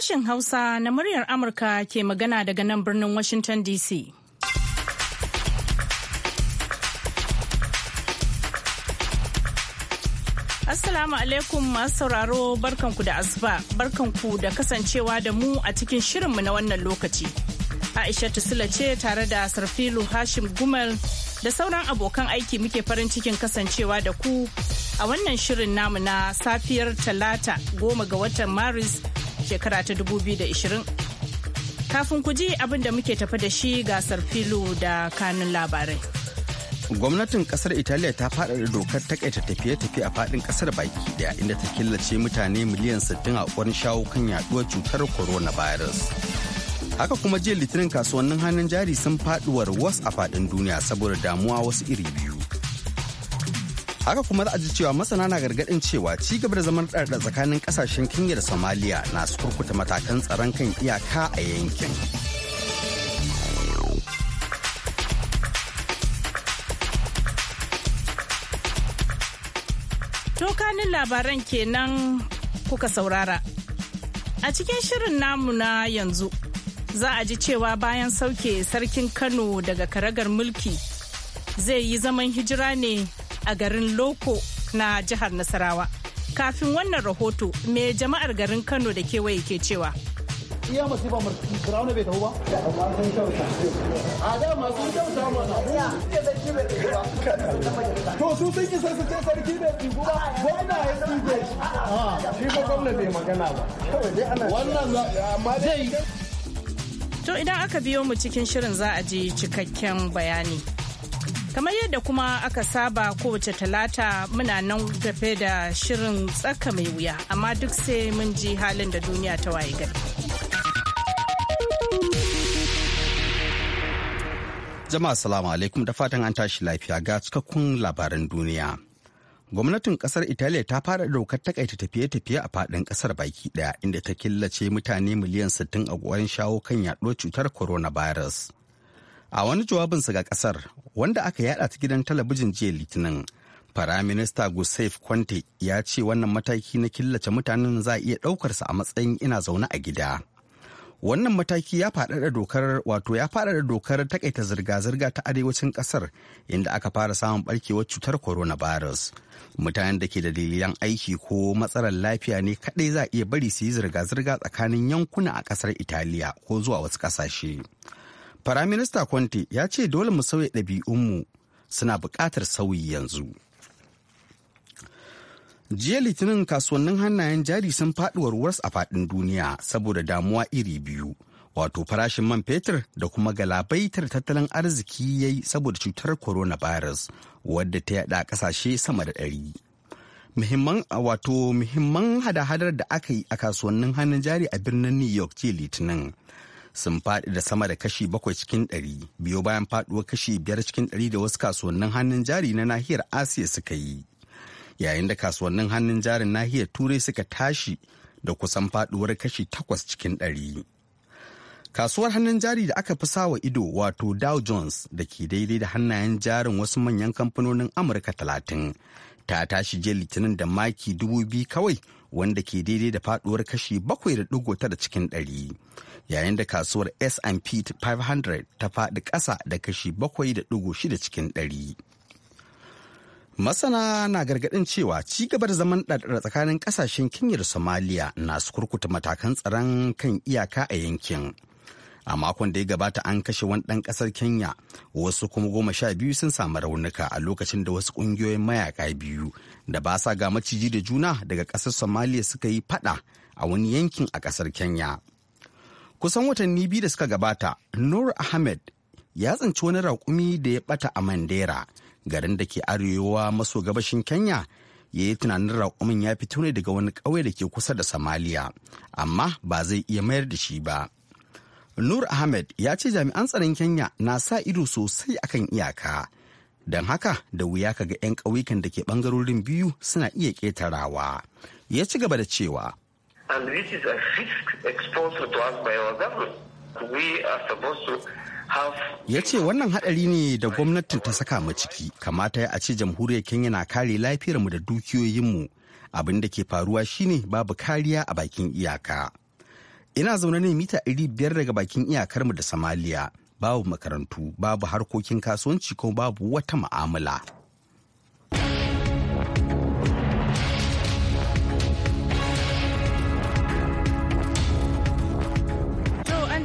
Sashen Hausa na muryar Amurka ke magana daga nan birnin Washington DC. Assalamu alaikum masu sauraro barkanku da asuba barkanku da kasancewa da mu a cikin shirinmu na wannan lokaci. Aisha Sula ce tare da Sarfilu Hashim Gumel da sauran abokan aiki muke farin cikin kasancewa da ku a wannan shirin namu na safiyar talata goma ga watan Maris shekara ta 2020. Kafin ku ji abin da muke tafi da shi gasar filo da kanun labarai. Gwamnatin kasar Italiya ta faɗaɗa dokar takaita tafiye-tafiye a faɗin kasar baki daya inda ta killace mutane miliyan 60 a kwarin shawo kan yaduwar cutar coronavirus. haka kuma jiya litinin kasuwannin hannun jari sun faɗuwar was a faɗin duniya saboda damuwa wasu iri biyu haka kuma za a ji cewa masana na gargadin cewa ci gaba da zaman ɗarɗa tsakanin kasashen kenya da somalia na su kurkuta matakan tsaron kan iyaka a yankin Tokanin labaran kenan kuka saurara. A cikin shirin namu na yanzu za a ji cewa bayan sauke sarkin Kano daga karagar mulki zai yi zaman hijira ne a garin Loko na jihar Nasarawa. Kafin wannan rahoto, me jama'ar garin Kano da kewaye ke cewa? iya masifa firawuna bai tafi ba a da masu kyauta mana to su sun yi sai su ce sarki bai tsibu ba gwamna ya tsibe shi ba gwamna bai magana ba wannan amma zai to idan aka biyo mu cikin shirin za a ji cikakken bayani kamar yadda kuma aka saba kowace talata muna nan gafe da shirin tsaka mai wuya amma duk sai mun ji halin da duniya ta waye gari jama'a salamu alaikum da fatan an tashi lafiya ga cikakkun labaran duniya gwamnatin kasar italiya ta fara daukar takaita tafiye-tafiye a fadin kasar baki daya inda ta killace mutane miliyan 60 a gwarin shawo kan yaduwar cutar coronavirus. A wani jawabinsa ga kasar wanda aka yada ta gidan talabijin jiya Litinin, Firaminista Gusef Kwante ya ce wannan mataki na killace mutanen za a iya ɗaukarsa a matsayin ina zaune a gida. Wannan mataki ya faɗaɗa dokar wato ya faɗaɗa dokar takaita zirga-zirga ta arewacin ƙasar inda aka fara samun ɓarkewar cutar coronavirus. Mutanen da ke da dalilan aiki ko matsalar lafiya ne kaɗai za a iya bari su yi zirga-zirga tsakanin yankuna a ƙasar Italiya ko zuwa wasu ƙasashe. Firaminista Conte ya ce dole mu sauya ɗabi'unmu suna buƙatar sauyi yanzu. Jiya Litinin kasuwannin hannayen jari sun faɗuwar wars a faɗin duniya saboda damuwa iri biyu. Wato farashin man fetur da kuma galabaitar tattalin arziki ya yi saboda cutar coronavirus wadda ta yada ƙasashe sama da ɗari. muhimman wato muhimman hada-hadar da aka yi a kasuwannin hannun jari a birnin new york ce litinin sun faɗi da sama da kashi bakwai cikin ɗari biyo bayan faɗuwar kashi biyar cikin ɗari da wasu kasuwannin hannun jari na nahiyar asiya suka yi yayin da kasuwannin hannun jarin nahiyar turai suka tashi da kusan faɗuwar kashi takwas cikin ɗari kasuwar hannun jari da aka fi sawa ido wato dow jones da ke daidai da hannayen jarin wasu manyan kamfanonin amurka talatin ta tashi jiya litinin da maki dubu biyu kawai wanda ke daidai da faduwar kashi 7.9 cikin 100 yayin da kasuwar S&P 500 ta faɗi ƙasa da kashi 7.6 cikin 100. Masana na gargaɗin cewa ci gabar zaman ɗaɗɗar tsakanin ƙasashen Kenya da Somalia na su kurkuta matakan tsaron kan iyaka a yankin. a makon da ya gabata an kashe wani ɗan ƙasar kenya wasu kuma goma sha biyu sun samu raunuka a lokacin da wasu ƙungiyoyin mayaka biyu da ba sa ga maciji da juna daga ƙasar somaliya suka yi faɗa a wani yankin a ƙasar kenya kusan watanni biyu da suka gabata nur ahmed ya tsinci wani raƙumi da ya ɓata a mandera garin da ke arewa maso gabashin kenya ya yi tunanin raƙumin ya fito ne daga wani ƙauye da ke kusa da samaliya amma ba zai iya mayar da shi ba Nur Ahmed ya ce jami'an tsaron Kenya na sa ido sosai akan iyaka. Don haka da wuya kaga 'yan ƙauyukan da ke ɓangarorin biyu suna iya ƙetarawa. Ya ci gaba da cewa. ya ce wannan hadari ne da gwamnatin ta saka mu ciki kamata a ce jamhuriyar kenya na kare lafiyarmu da dukiyoyinmu abin da ke faruwa shine babu kariya a bakin iyaka ina zaune ne mita iri biyar daga bakin iyakarmu da Somalia. Babu makarantu, babu harkokin kasuwanci ko babu wata ma'amala.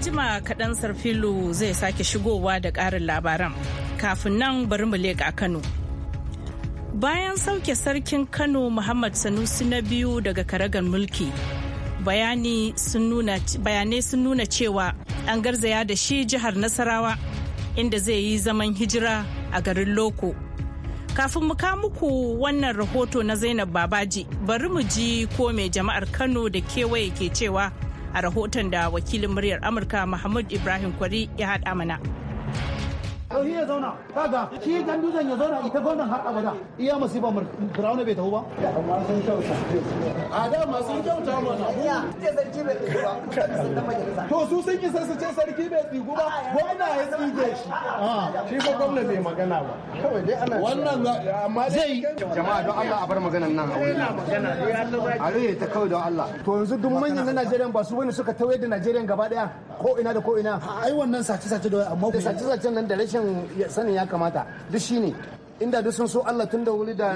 jima kaɗan sarfilu zai sake shigowa da ƙarin labaran kafin nan bari mu leƙa kano bayan sauke sarkin kano muhammad sanusi na biyu daga karagar mulki bayanai sun nuna cewa an garzaya da shi jihar Nasarawa inda zai yi zaman hijira a garin Loko. Kafin mu ka muku wannan rahoto na Zainab Babaji, bari mu ji ko mai jama'ar Kano da kewaye ke cewa a rahoton da wakilin muryar Amurka Muhammad Ibrahim Kwari ya haɗa mana. to shi ya zauna kaga shi dan dutsen ya zauna ita gwamnan har abada iya masifa firawuna bai taho ba amma sun kyauta a da ma sun kyauta mana ce sarki bai ba to su sun isa su ce sarki bai tsigu ba gwamna ya tsige shi shi ko gwamna bai magana ba kawai dai ana wannan amma zai jama'a don Allah a bar maganar nan a rage ta kawai don Allah to yanzu duk manyan na Najeriya ba su bane suka tauye da Najeriya gaba daya ko ina da ko ina ai wannan sace sace da amma ku sace sace nan da rashin sanin ya kamata duk shine inda duk sun so Allah tun da wuri da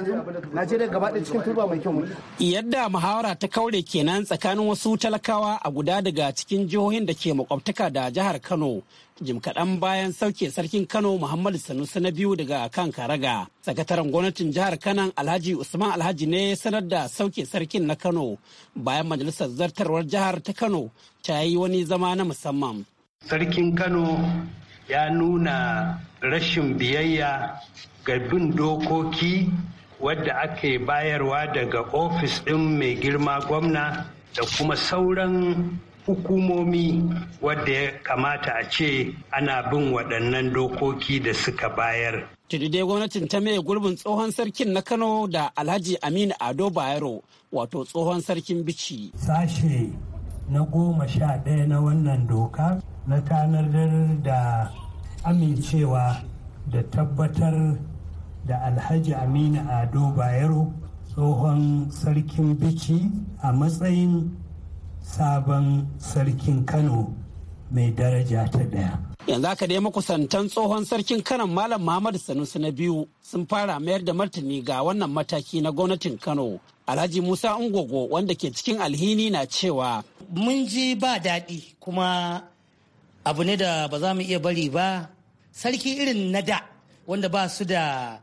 Najeriya gaba ɗaya cikin turba mai kyau. Yadda muhawara ta kaure kenan tsakanin wasu talakawa a guda daga cikin jihohin da ke makwabtaka da jihar Kano jim kaɗan bayan sauke sarkin Kano Muhammadu Sanusi na biyu daga kan Karaga. Sakataren gwamnatin jihar Kano Alhaji Usman Alhaji ne sanar da sauke sarkin na Kano bayan majalisar zartarwar jihar ta Kano ta yi wani zama na musamman. Sarkin Kano ya nuna rashin biyayya ga bin dokoki wadda ake bayarwa daga ofis ɗin mai girma gwamna da kuma sauran hukumomi wadda ya kamata a ce ana bin waɗannan dokoki da suka bayar. dai gwamnatin ta mai gurbin tsohon sarkin na Kano da Alhaji Aminu Ado Bayero wato tsohon sarkin bici. Sashe na goma sha ɗaya na wannan doka na tanadar da amincewa da tabbatar da alhaji aminu ado bayero tsohon sarkin bici a matsayin sabon sarkin kano mai daraja ta ɗaya yanzu haka dai makusantan tsohon sarkin kanan malam muhammadu sanusi na biyu sun fara mayar da martani ga wannan mataki na gwamnatin kano alhaji musa ungogo wanda ke cikin alhini na cewa mun ji ba daɗi kuma abu ne da ba za mu iya bari ba sarki irin na da wanda ba su da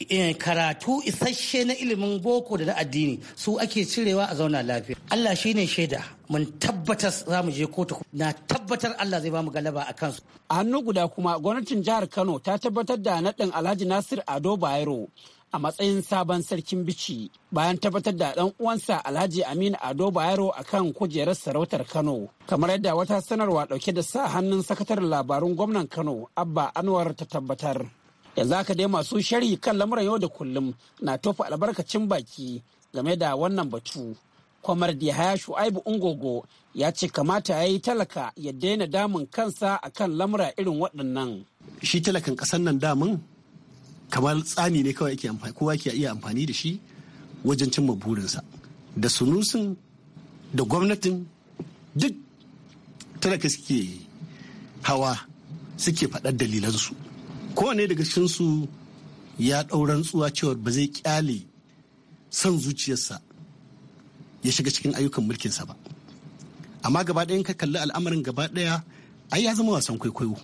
Eh, karatu isasshe na ilimin boko da na addini su ake cirewa a zauna lafiya Allah shine shaida mun tabbatar za mu je kotu na tabbatar Allah zai ba mu galaba a kansu a hannu guda kuma gwamnatin jihar Kano ta tabbatar da naɗin Alhaji Nasir Ado Bayero a matsayin sabon sarkin bici bayan tabbatar da ɗan uwansa Alhaji Aminu Ado Bayero akan kujerar sarautar Kano kamar yadda wata sanarwa ɗauke da sa hannun sakataren labarun gwamnan Kano Abba Anwar ta tabbatar yanzu haka dai masu shari'i kan lamuran yau da kullum na tofa albarkacin baki game da wannan batu kwamar haya shu'aibu ungogo ya ce kamata ya yi talaka ya daina damun kansa a kan lamura irin waɗannan shi talakan ƙasar nan damun kamar tsani ne kawai ake kowa ke iya amfani da shi wajen cimma burinsa da sunusun da gwamnatin duk talaka suke hawa suke faɗar dalilansu kowane daga cikinsu ya ɗauran tsuwa cewa ba zai kyale son zuciyarsa ya shiga cikin ayyukan mulkinsa ba amma gaba ɗayan ka kalli al'amarin gaba ɗaya ai ya zama wasan kwaikwayo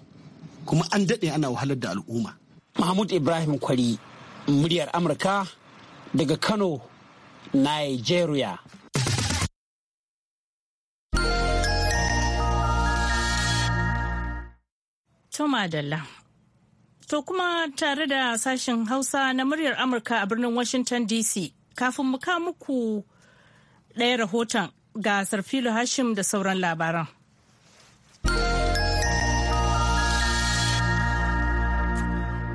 kuma an daɗe ana wahalar da al'umma mahmud ibrahim kwari muryar amurka daga kano nigeria Toma Dalla To kuma tare da sashen Hausa na muryar Amurka a birnin Washington DC. Kafin mu ka muku ɗaya rahoton ga Sarfilo Hashim da sauran labaran.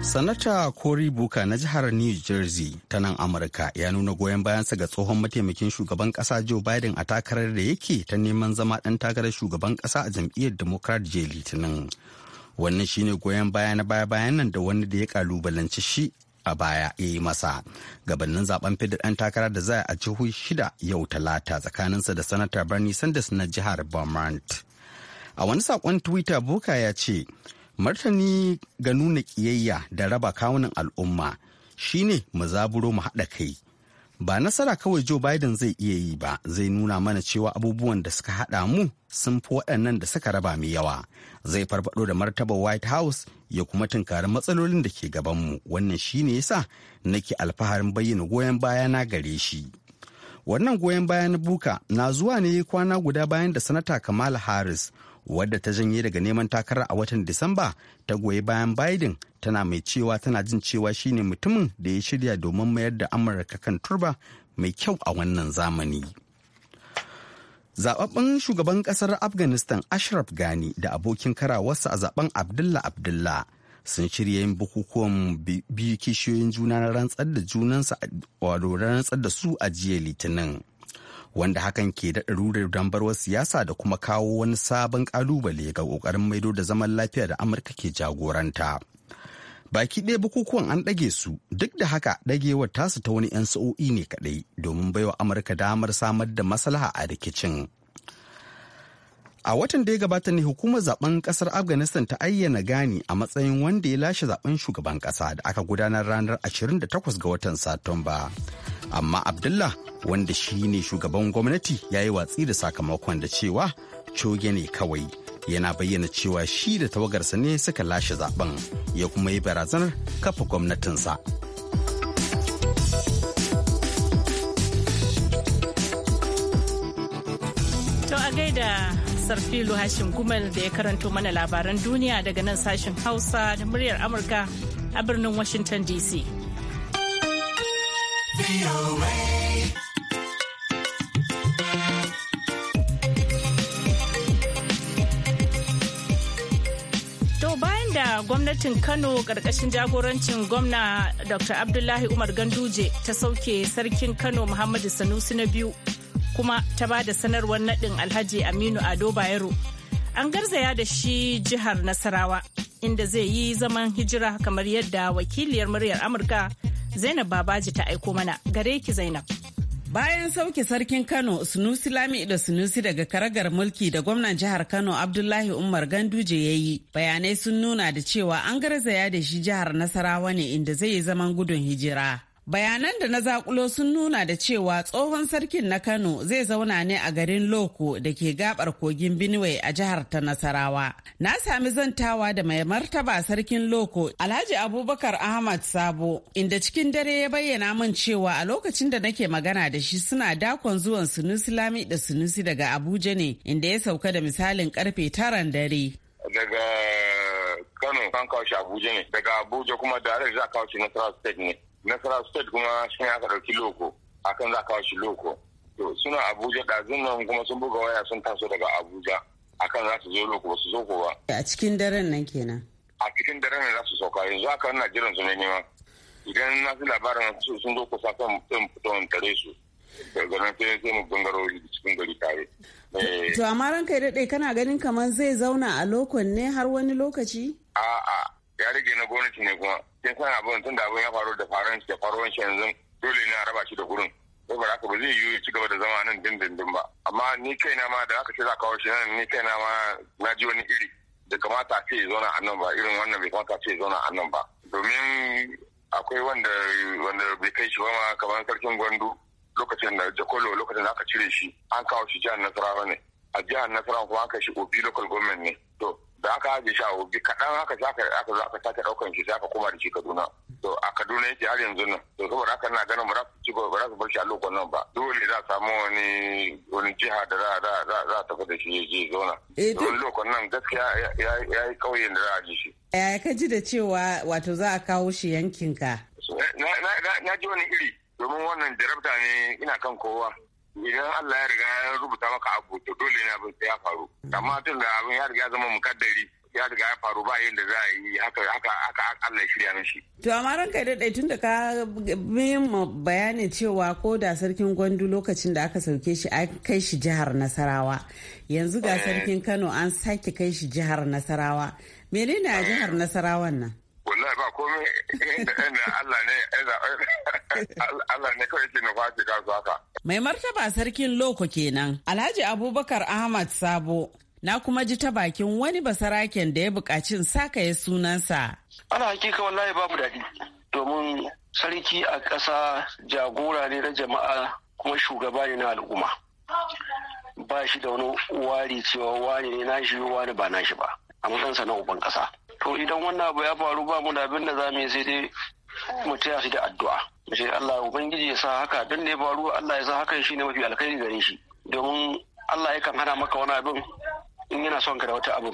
Sanata Cory Buka na jihar New Jersey ta nan Amurka ya nuna goyon bayansa ga tsohon mataimakin shugaban kasa Joe Biden a takarar da yake ta neman zama ɗan takarar shugaban kasa a jam'iyyar Democrat je Litinin. wannan shine goyon baya na baya bayan nan da wani da ya kalubalanci shi a baya ya yi masa gabanin zaben fidar ɗan takara da za a jihu shida yau talata tsakaninsa da sanata bernie sanders na jihar vermont a wani saƙon twitter boka ya ce martani ga nuna ƙiyayya da raba kawunan al'umma shine mu zaburo mu haɗa kai ba nasara kawai Joe Biden zai iya yi ba zai nuna mana cewa abubuwan da suka haɗa mu sun fi waɗannan da suka raba mu yawa zai farfado da martabar White House ya kuma tunkari matsalolin da ke gabanmu wannan shine yasa nake alfaharin bayyana goyon baya na gare shi wannan goyon baya na buka na zuwa ne kwana guda bayan da sanata Kamala Harris wadda ta janye daga neman takara a watan Disamba ta goyi bayan Biden tana mai cewa tana jin cewa shine mutumin da ya shirya domin mayar da Amurka kan turba mai kyau a wannan zamani. Zababben shugaban kasar Afghanistan Ashraf Ghani da abokin karawarsa a zaben Abdullah Abdullah sun shirya yin bukukuwan biyu kishiyoyin juna na rantsar da junansa rantsar da su a jiya litinin. wanda hakan ke daɗa rurar dambarwar siyasa da kuma kawo wani sabon ƙalubale ga ƙoƙarin maido da zaman lafiya da amurka ke jagoranta baki ɗaya bukukuwan an ɗage su duk da haka ɗagewar tasu ta wani 'yan sa'o'i ne kaɗai domin baiwa amurka damar samar da maslaha a rikicin a watan da ya gabata ne hukumar zaben kasar afghanistan ta ayyana gani a matsayin wanda ya lashe zaben shugaban kasa da aka gudanar ranar 28 ga watan satumba amma abdullah wanda shi ne shugaban gwamnati ya yi watsi da sakamakon da cewa coge ne kawai yana bayyana cewa shi da tawagarsa ne suka lashe zaben ya kuma yi barazanar kafa gwamnatinsa to a gaida sarfilu hashin gumel da ya karanto mana labaran duniya daga nan sashen hausa da muryar amurka a birnin washington dc gwamnatin kano ƙarƙashin jagorancin gwamna dr abdullahi umar ganduje ta sauke sarkin kano muhammadu sanusi na biyu kuma ta ba da sanarwar naɗin alhaji aminu ado bayero an garzaya da shi jihar nasarawa inda zai yi zaman hijira kamar yadda wakiliyar muryar amurka Zainab Babaji ta aiko mana gare ki Zainab. Bayan sauke sarkin Kano Sunusi Lami da Sunusi daga karagar mulki da gwamnan jihar Kano Abdullahi Umar Ganduje ya yi, bayanai sun nuna da cewa an garzaya da shi jihar Nasarawa ne inda zai yi zaman gudun hijira. Bayanan da na zakulo sun nuna da cewa tsohon sarkin na Kano zai zauna ne a garin Loko da ke gabar kogin Benue a jihar ta Nasarawa. Na sami zantawa da mai martaba sarkin Loko Alhaji Abubakar Ahmad Sabo inda cikin dare ya bayyana min cewa a lokacin da nake magana da shi suna dakon zuwan Sunusi Lami da Sunusi daga Abuja ne inda ya sauka da misalin karfe taran dare. Daga Kano kan kawo shi Abuja ne, daga Abuja kuma da za a kawo shi Nasarawa State ne. nasara state kuma shi aka ɗauki loko akan za kawo shi loko to suna abuja ɗazun nan kuma sun buga waya sun taso daga abuja akan za su zo loko ba su zo ko ba a cikin daren nan kenan a cikin daren nan za su sauka yanzu haka na jiran su ne nema idan na fi labarin su sun zo kusa kan fito tare su sai cikin gari tare. Eh. To amma ranka kai daɗe kana ganin kamar zai zauna a lokon ne har wani lokaci? A'a ya rage na gwamnati ne kuma kin san abin tun da abin ya faru da faran da faruwan shi yanzu dole ne a raba shi da gurin saboda haka ba zai yiwu ci gaba da zama nan dindindin ba amma ni kaina ma da aka ce za kawo shi nan ni kaina ma na ji wani iri da kamata a ce ya zauna a nan ba irin wannan bai kamata a ce ya zauna a nan ba domin akwai wanda wanda bai kai shi ba ma kamar sarkin gwandu lokacin da jakolo lokacin da aka cire shi an kawo shi jihar nasarawa ne a jihar nasarawa kuma aka shi obi local government ne to da aka haje shi a obi kaɗan haka aka aka zo aka sake ɗaukan shi sai aka koma da shi kaduna to a kaduna yake har yanzu nan to saboda haka na ganin ba za su ci su bar shi a lokacin nan ba dole za a samu wani wani jiha da za za za za tafi da shi ya je zauna eh, don lokacin nan gaskiya ya yi ƙauyen da za a ji shi. yaya ka ji da cewa wato za a kawo shi yankinka. na ji wani iri domin wannan jarabta ne ina kan kowa idan Allah ya riga ya rubuta maka abu to dole ne abin ya faru amma tun da abin ya riga ya zama mukaddari ya riga ya faru ba yin da za a yi haka haka haka Allah ya shirya shi. To amma ranka da dai da ka min bayani cewa ko da sarkin gwandu lokacin da aka sauke shi an kai shi jihar Nasarawa yanzu ga eh. sarkin Kano an sake kai shi jihar Nasarawa menene a eh. jihar Nasarawan nan? wallahi ba komai inda Allah ne Allah ne kawai ke na kwace kasu haka Mai martaba sarkin loko kenan, Alhaji Abubakar Ahmad Sabo. Na kuma ji ta bakin wani basaraken da ya buƙaci ya sunansa. Ana hakika wallahi babu daɗi, domin sarki a ƙasa jagora ne na jama'a kuma shugaba ne na al'umma. Ba shi da wani wari cewa wani ne na shi wani ba na shi ba, a matsansa na uban ƙasa. To idan wannan abu ya faru ba mu da abin da za mu yi sai dai mu taya shi da addu'a mu ce Allah ubangiji ya sa haka don ne ba ruwa Allah ya sa hakan ne mafi alkhairi gare shi domin Allah yakan hana maka wani abin in yana son ka da wata abin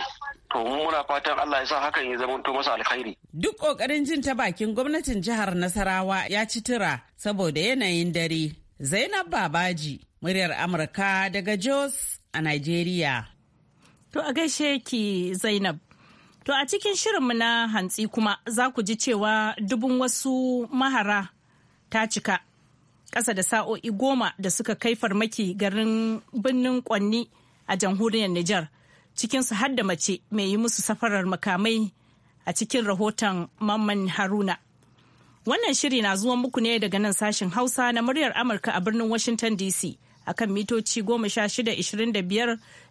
to muna fatan Allah ya sa hakan ya zama to masa alkhairi duk kokarin jin ta bakin gwamnatin jihar Nasarawa ya ci tura saboda yanayin dare Zainab Babaji muryar Amurka daga Jos a Nigeria to a gaishe ki Zainab To a cikin shirinmu na hantsi kuma za ku ji cewa dubun wasu mahara ta cika ƙasa da sa'o'i goma da suka kai farmaki garin birnin kwanni a jamhuriyar Nijar cikinsu har da mace mai yi musu safarar makamai a cikin rahoton Mamman Haruna. Wannan shiri na zuwan muku ne daga nan sashen Hausa na muryar Amurka a birnin Washington DC akan mitoci goma shida ishirin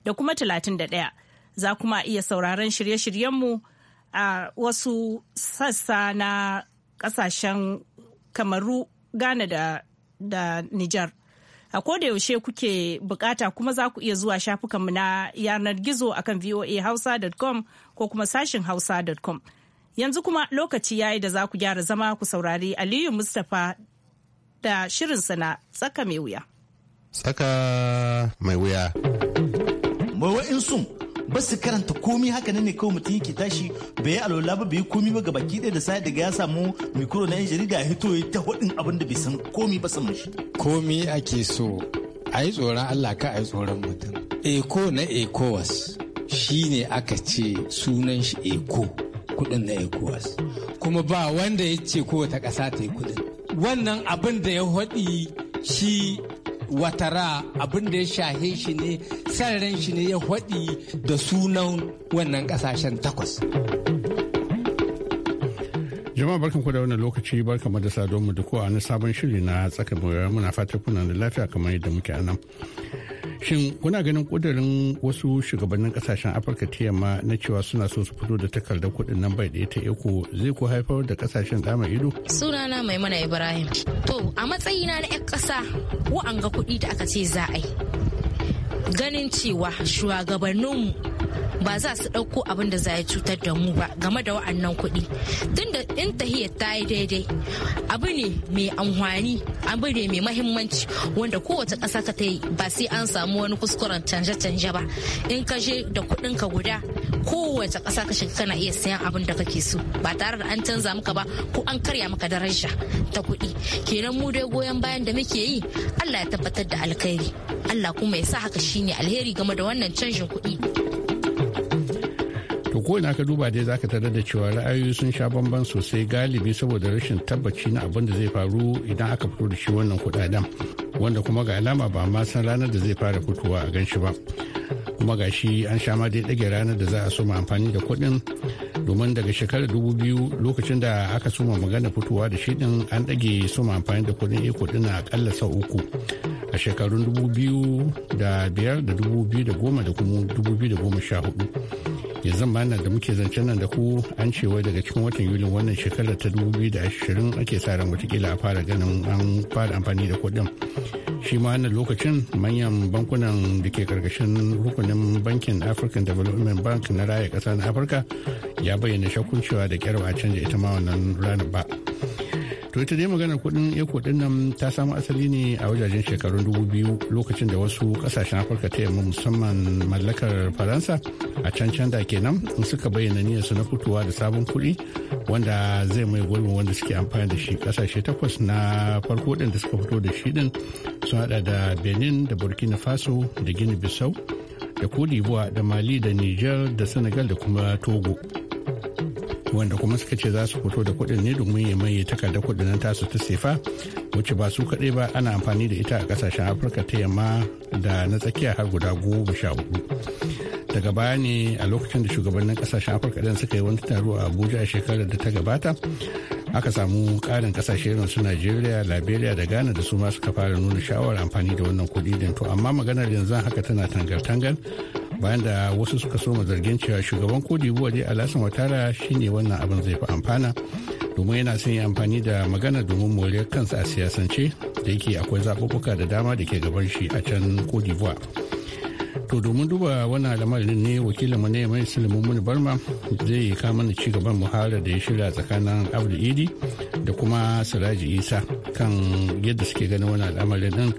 da kuma talatin da ɗaya. za kuma iya sauraron shirye-shiryenmu a wasu sassa na kasashen kamaru ghana da, da nijar a yaushe kuke bukata kuma za ku iya zuwa shafukanmu na yanar gizo akan voahausa.com ko kuma sashin hausa.com yanzu kuma lokaci ya yi da za ku gyara zama ku saurari aliyu mustapha da shirinsa na tsaka mai wuya tsaka mai wuya mawa'in sun ba su karanta komi haka ne kawai mutum yake tashi bai yi alwala ba bai yi komi ba ga baki ɗaya da sai daga ya samu mikro na yan jarida ya hito ta hudin abin da bai san komi ba san shi. Komi ake so a yi tsoron Allah ka a yi tsoron mutum. Eko na ECOWAS shi ne aka ce sunan shi Eko kudin na ECOWAS kuma ba wanda ya ce kowace ƙasa ta yi kudin. Wannan abin da ya haɗi shi watara abin da ya shahe shi ne san shi ne ya haɗi da sunan wannan ƙasashen takwas. jama'a barkan ku da wannan lokaci barkan mu da saduwar mu da kowa na sabon shiri na tsaka muna fatan kuna da lafiya kamar yadda muke a nan shin kuna ganin kudirin wasu shugabannin kasashen afirka ta yamma na cewa suna so su fito da takardar kuɗin nan bai ta eko zai ku haifar da kasashen dama ido sunana maimuna ibrahim to a matsayina na 'yan ƙasa wa'anga kuɗi da aka ce za a yi ganin cewa shugabanninmu ba za su ɗauko abin da za ya cutar da mu ba game da wa'annan kuɗi tunda in tahiyar ta yi daidai abu ne mai amfani abu ne mai mahimmanci wanda kowace ƙasa ka ta yi ba sai an samu wani kuskuren canje-canje ba in ka je da kuɗin ka guda kowace ƙasa ka shiga kana iya sayan abin da kake so ba tare da an canza maka ba ko an karya maka daraja ta kuɗi kenan mu dai goyon bayan da muke yi Allah ya tabbatar da alkhairi Allah kuma ya sa haka shine alheri game da wannan canjin kuɗi. ko ina ka duba dai zaka tarar da cewa ra'ayoyi sun sha bamban sosai galibi saboda rashin tabbaci na abin da zai faru idan aka fito da shi wannan kudaden wanda kuma ga alama ba ma san ranar da zai fara fitowa a ganshi ba kuma ga shi an sha ma dai dage ranar da za a soma amfani da kuɗin domin daga shekarar dubu biyu lokacin da aka soma magana fitowa da shi din an dage soma amfani da kuɗin iko din akalla sau uku a shekarun dubu biyu da biyar da dubu biyu da goma da kuma dubu biyu da goma sha hudu yanzu ma da muke zance nan da ku an ce wai daga cikin watan yulin wannan shekarar ta da ashirin ake sa ran watakila a fara ganin an fara amfani da kuɗin shi ma wannan lokacin manyan bankunan da ke karkashin rukunin bankin african development bank na raya ƙasa na afirka ya bayyana shakkun cewa da kyar a canja ita ma wannan ranar ba to ita dai maganar kuɗin eko ɗin nan ta samu asali ne a wajajen shekarun dubu biyu lokacin da wasu kasashen afirka ta yamma musamman mallakar faransa a can can da kenan suka bayyana niyyar su na fitowa da sabon kuɗi wanda zai mai gurbin wanda suke amfani da shi kasashe takwas na farko din da suka fito da shi din sun hada da benin da burkina faso da guinea bissau da cote da mali da niger da senegal da kuma togo wanda kuma suka ce za su fito da kuɗin ne domin ya maye takardar kuɗin nan tasu ta sefa wacce ba su kaɗai ba ana amfani da ita a ƙasashen afirka ta yamma da na tsakiya har guda goma sha hudu daga baya ne a lokacin da shugabannin ƙasashen afirka ɗin suka yi wani taro a abuja a shekarar da ta gabata aka samu ƙarin ƙasashe irin su najeriya liberia da ghana da su ma suka fara nuna shawarar amfani da wannan kuɗi din to amma maganar yanzu haka tana tangal-tangal bayan da wasu suka soma zargin cewa shugaban kodi dai alasan watara shine wannan abin zai fi amfana domin yana son yi amfani da magana domin more kansa a siyasance da yake akwai zaɓuɓɓuka da dama da ke gaban shi a can kodi buwa to domin duba wannan lamarin ne wakilin mu ne mai sulmumun barma zai kama mana ci gaban muharar da ya shirya tsakanin abdul idi da kuma siraji isa kan yadda suke ganin wannan al'amarin din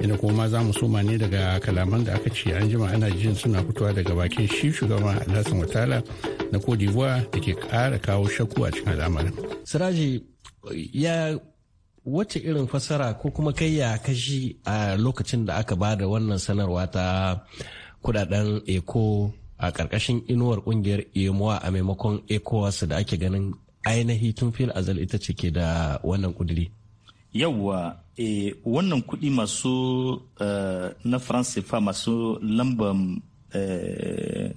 ina kuma za mu soma ne daga kalaman da aka ce an jima ana jin suna fitowa daga bakin shi shugaban alhassan watala na cote d'ivoire da ke ƙara kawo shakku a cikin al'amarin siraji ya wacce irin fasara ko kuma kai ya kashi a lokacin da aka bada wannan sanarwa ta kudaden eco a ƙarƙashin inuwar ƙungiyar emoa a maimakon ecowas da ake ganin ainihi tun fil azal ita ce ke da wannan ƙudiri. yawwa eh, wannan kuɗi masu eh, na france masu lambar eh,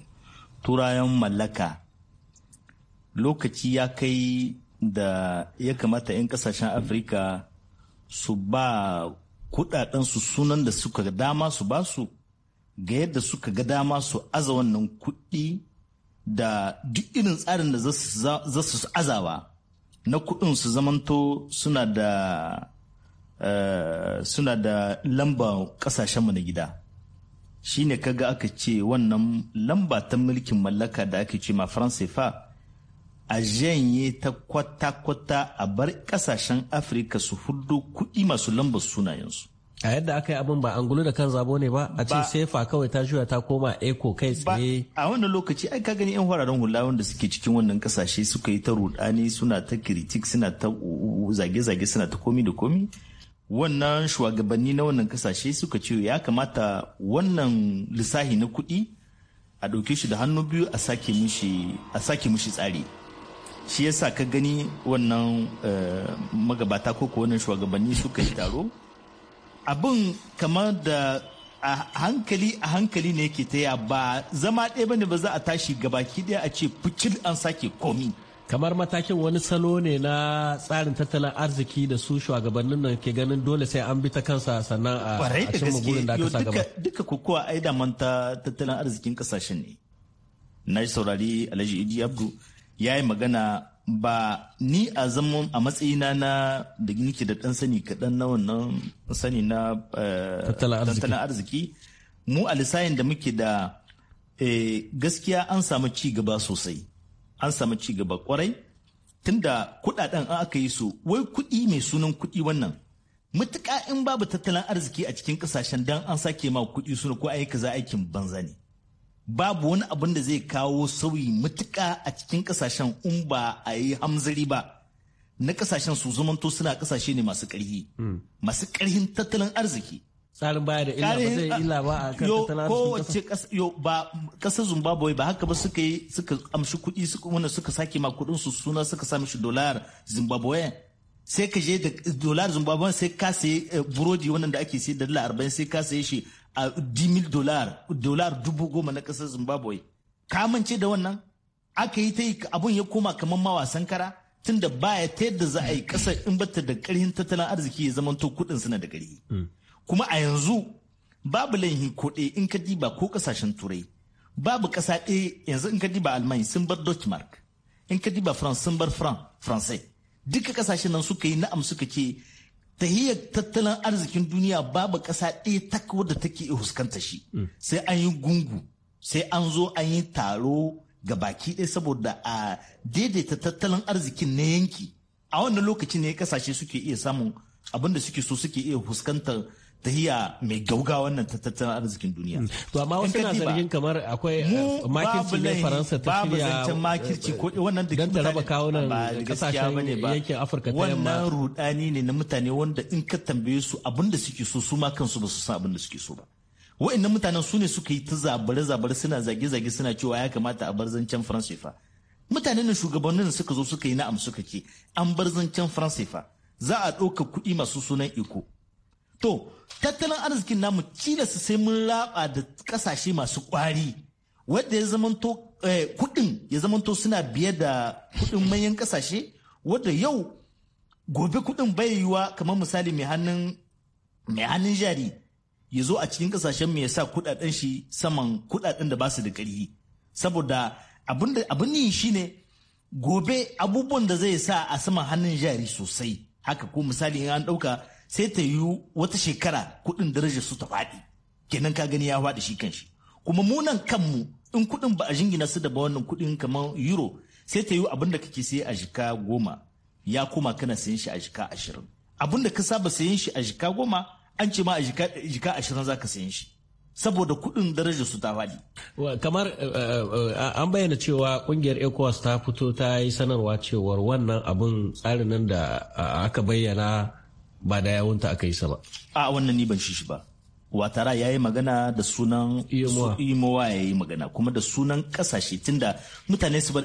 turayen mallaka lokaci ya kai da ya kamata 'yan kasashen afirka su ba su sunan da suka ga dama su ba su ga yadda suka ga dama su aza wannan kuɗi da duk irin tsarin da za su azawa na kuɗin su zamanto suna da eh, suna da lamba ƙasashenmu na gida shi ne kaga aka ce wannan lamba ta mulkin mallaka da aka ce ma faransa fa a janye ta kwata-kwata a bar ƙasashen afirka su hudu kuɗi masu lambar sunayensu a yadda aka yi abin ba an gulu da kan zabo ne ba a ce sefa kawai ta juya ta koma eko kai tsaye a wannan lokaci ai ka gani yan fararen hula wanda suke cikin wannan kasashe suka yi ta rudani suna ta kritik suna ta zage-zage suna ta komi da komi wannan shugabanni na wannan kasashe suka ce ya kamata wannan lissahi na kuɗi a ɗauke shi da hannu biyu a sake mushi tsari shi yasa ka gani wannan eh, magabata ko wannan shugabanni suka yi taro abin kamar da a hankali a hankali ne ke ta ba zama ɗaya bane ba za a tashi gabaki ɗaya a ce fucil an sake komi kamar matakin wani salo ne na tsarin tattalin arziki da su shugabannin nan ke ganin dole sai an bi ta kansa sannan a cikin burin da aka sa gaba duka kokowa ai da manta tattalin arzikin kasashen ne na saurari alhaji idi abdu ya yi magana ba ni a zaman a matsayina na da nike da ɗan sani kaɗan na wannan sani na eh, tattalin arziki mu a lissayin da muke da eh, gaskiya an samu ci gaba sosai an samu ci gaba kwarai tunda kuɗaɗen an aka yi su wai kuɗi mai sunan kuɗi wannan matuƙa in babu tattalin arziki a cikin ƙasashen dan an sake ma kuɗi suna ko ayi kaza aikin banza ne babu wani abin da zai kawo sauyi matuka a cikin kasashen in ba a yi hamzari ba na kasashen su zamanto suna kasashe ne masu ƙarfi hmm. masu ƙarfin tattalin arziki tsarin baya da illa ba zai illa ba a kan tattalin arziki kowace yo ba kasa zimbabwe ba haka ba suka yi suka amshi kuɗi suka wanda suka sake ma kuɗin su suna suka sami shi dolar zimbabwe sai ka je da dolar zimbabwe sai ka sayi eh, burodi wannan da ake sayi da dala arba'in sai ka saye shi a dimil dolar dolar dubu goma na ƙasar zimbabwe ka mance da wannan aka yi ta yi abun ya koma kamar ma wasan kara tun da baya ta yadda za a yi ƙasar in bata da ƙarhin tattalin arziki ya zama to kuɗin suna da gari hmm. kuma a yanzu babu laihin kuɗi in ka diba ko ƙasashen turai babu ƙasa ɗaya yanzu in ka diba alman sun bar deutschmark in ka diba france sun bar france duka kasashen nan suka yi na'am suka ce tahiyar tattalin arzikin duniya babu ƙasa ɗaya ta wadda take huskanta shi mm. sai an yi gungu sai an zo an yi taro ga baki ɗaya saboda a daidaita tattalin arzikin na yanki a wannan lokaci ne kasashe suke iya samun abin da suke so suke iya fuskantar tahiya mai gauga wannan tattalin arzikin duniya. Hmm. To amma wasu na zargin kamar akwai eh, makirci ne Faransa ta shirya zancen makirci ko eh, wannan da ta raba kawunan kasashen yankin Afirka ta yamma. Wannan rudani ne na mutane wanda in ka tambaye su abin da suke so su ma kansu ba su san abin da suke so ba. Wa'annan mutanen su ne suka yi ta zabare-zabare suna zage-zage suna cewa ya kamata a bar zancen Faransa fa. Mutanen shugabannin suka zo suka yi na'am suka ce an bar zancen Faransa fa. Za a ɗauka kuɗi masu sunan iko. to tattalin arzikin namu su sai mun raba da kasashe masu kwari wadda ya zamanto eh, kudin ya zamanto suna biye da kudin manyan kasashe wadda yau gobe kudin bai yiwa kamar misali mai hannun jari ya zo a cikin kasashen mu ya sa kudaden shi saman kudaden da basu da ƙarfi saboda abin yin shi ne gobe abubuwan da zai sa a saman hannun jari sosai haka ko misali in an ɗauka sai ta yi wata shekara kuɗin darajar su ta faɗi kenan ka gani ya faɗi shi kanshi kuma munan kanmu in kuɗin ba a jingina su da ba wannan kuɗin kamar euro sai ta yi abin da kake sai a jika goma ya koma kana sayan shi a jika ashirin abin da ka saba sayan shi a jika goma an ce ma a jika ashirin za ka sayan shi saboda kuɗin darajar su ta faɗi. kamar eh, eh, eh, an bayyana cewa ƙungiyar ecowas ta fito ta yi sanarwa cewar wannan abin tsarin nan da aka bayyana ba da yawunta aka yi sa ba a wannan ni ban shi shi ba watara ya yi magana da sunan imowa ya yi magana kuma da sunan kasashe tunda mutane su ba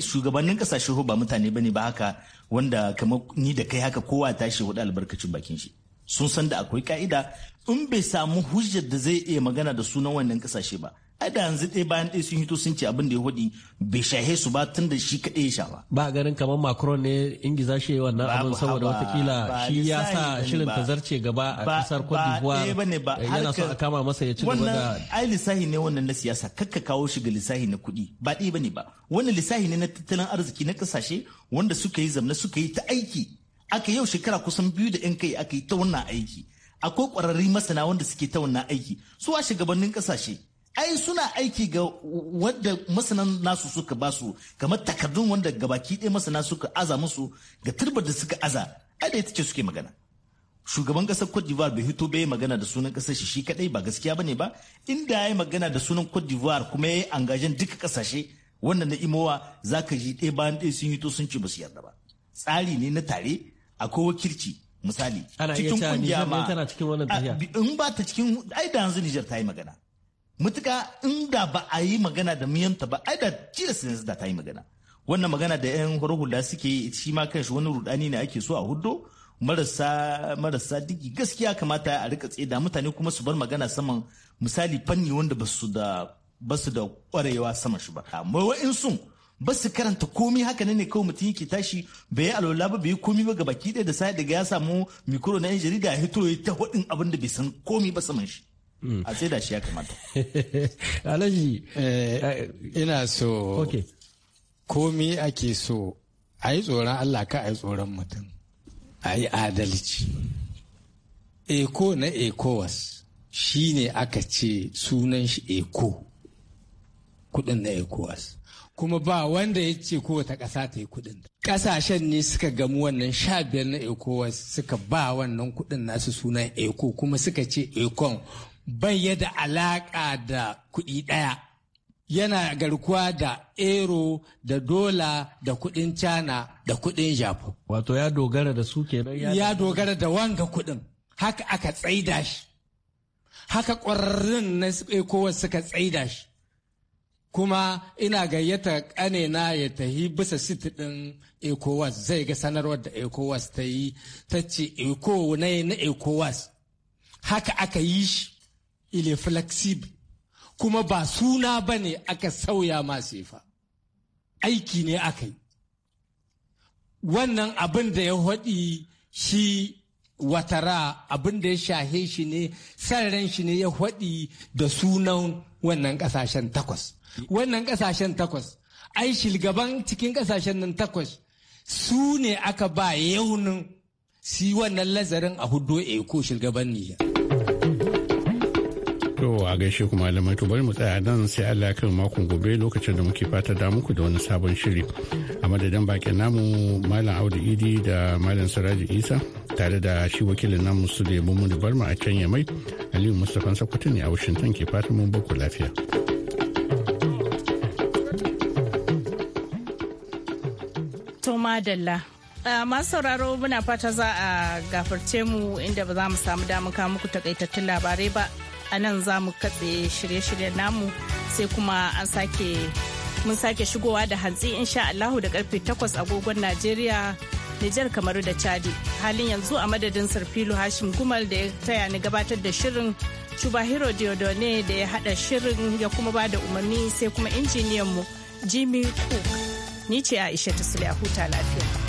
shugabannin kasashe ba mutane ba ne ba haka wanda kamar ni da kai haka kowa tashi hudu albarkacin bakin shi sun san da akwai ka'ida in bai samu hujjar da zai iya magana da sunan wannan kasashe ba ai da yanzu ɗaya bayan ɗaya sun hito sun ce abin da ya hudi bai shahe su ba tun da shi kaɗai ya sha ba. Ba ganin kamar Macron ne ingiza shi wannan abin saboda watakila shi ya sa shirin ta zarce gaba a ƙasar Cote d'Ivoire eh, yana so a kama masa ya ci gaba da. Ai lissahi ne wannan na siyasa kakka kawo shi ga lissahi na kuɗi ba ɗaya ne ba wannan lissahi ne na tattalin arziki na ƙasashe wanda suka yi zamna suka yi ta aiki aka yau shekara kusan biyu da 'yan kai aka yi ta wannan aiki akwai ƙwararri masana wanda suke ta wannan aiki su a shugabannin ƙasashe. ai suna aiki ga wanda masanan nasu suka basu kamar takardun wanda gabaki ɗaya masana suka aza musu ga turbar da suka aza ai da ita ce suke magana shugaban ƙasar Cote d'Ivoire bai hito bai magana da sunan ƙasar shi shi kadai ba gaskiya bane ba inda ya magana da sunan Cote d'Ivoire kuma ya yi angajen duka kasashe wannan na imowa za ka ji ɗaya bayan ɗaya sun hito sun ci ba su yarda ba tsari ne na tare akwai wakilci misali cikin kungiya ma in ba ta cikin ai da yanzu nijar ta yi magana mutuka inda ba a yi magana da miyanta ba ai da tilas yanzu da ta yi magana wannan magana da yan hula suke shi ma kanshi wani rudani ne ake so a hudo marasa marasa digi gaskiya kamata a rika tseda mutane kuma su bar magana saman misali fanni wanda ba su da ba su da kwarewa sama shi ba amma sun ba su karanta komi haka ne kawai mutum yake tashi bai yi alwala ba bai yi komi ba gaba baki da sai daga ya samu mikro na yan jarida ya hito ya ta hudin abin da bai san komi ba saman shi a sai da shi ya kamata alhaji eh, eh, ina so komi ake so a yi tsoron allah ka a yi tsoron mutum a yi adalci eko na ekowas shi ne aka ce sunan shi eko kudin na ekowas kuma ba wanda ya ce kowace ƙasa ta yi kuɗin. Ƙasashen ne suka gamu wannan sha biyar na ekowas suka ba wannan kudin nasu sunan eko kuma suka ce ekon. bai alaƙa da kuɗi ɗaya. Yana garkuwa da ero da dola da kuɗin cana da kuɗin japo. Wato ya dogara da su ke ya dogara da wanga kuɗin. Haka aka tsaida shi. Haka ƙwararrun na kowa suka tsaida shi. kuma ina gayyata ƙanena ya tahi bisa siti ɗin ecowas zai ga sanarwar da ecowas ta yi ta ce eco na ecowas haka aka yi shi est flexible kuma ba suna ba ne aka sauya ma sefa aiki ne aka yi wannan abin da ya haɗi shi watara abin da ya shahe shi ne san ran shi ne ya haɗi da sunan wannan ƙasashen takwas wannan ƙasashen takwas ai shilgaban cikin ƙasashen nan takwas su ne aka ba yaunin si wannan lazarin a hudu eko shilgaban Nijar. To a gaishe ku malamai to bari mu tsaya nan sai Allah kan makon gobe lokacin da muke fata da muku da wani sabon shiri. A madadin bakin namu Malam Audu Idi da Malam Siraji Isa tare da shi wakilin namu su da mu da barma a can yamai Aliyu Mustapha Sakutu ne a Washington ke fatan mun baku lafiya. To madalla masu sauraro muna fata za a gafarce mu inda ba za mu samu damar kawo muku takaitattun labarai ba a nan za mu katse shirye-shiryen namu sai kuma an sake mun sake shigowa da hantsi insha Allahu da karfe takwas agogon Najeriya Nijar Kamaru da Chadi. Halin yanzu a madadin Sarfilu Hashim Gumal da ya taya ni gabatar da shirin Hero Diodone da ya hada shirin ya kuma ba da umarni sai kuma injiniyan mu Jimmy Cook. Ni ce Aisha ta Tasliya huta lafiya.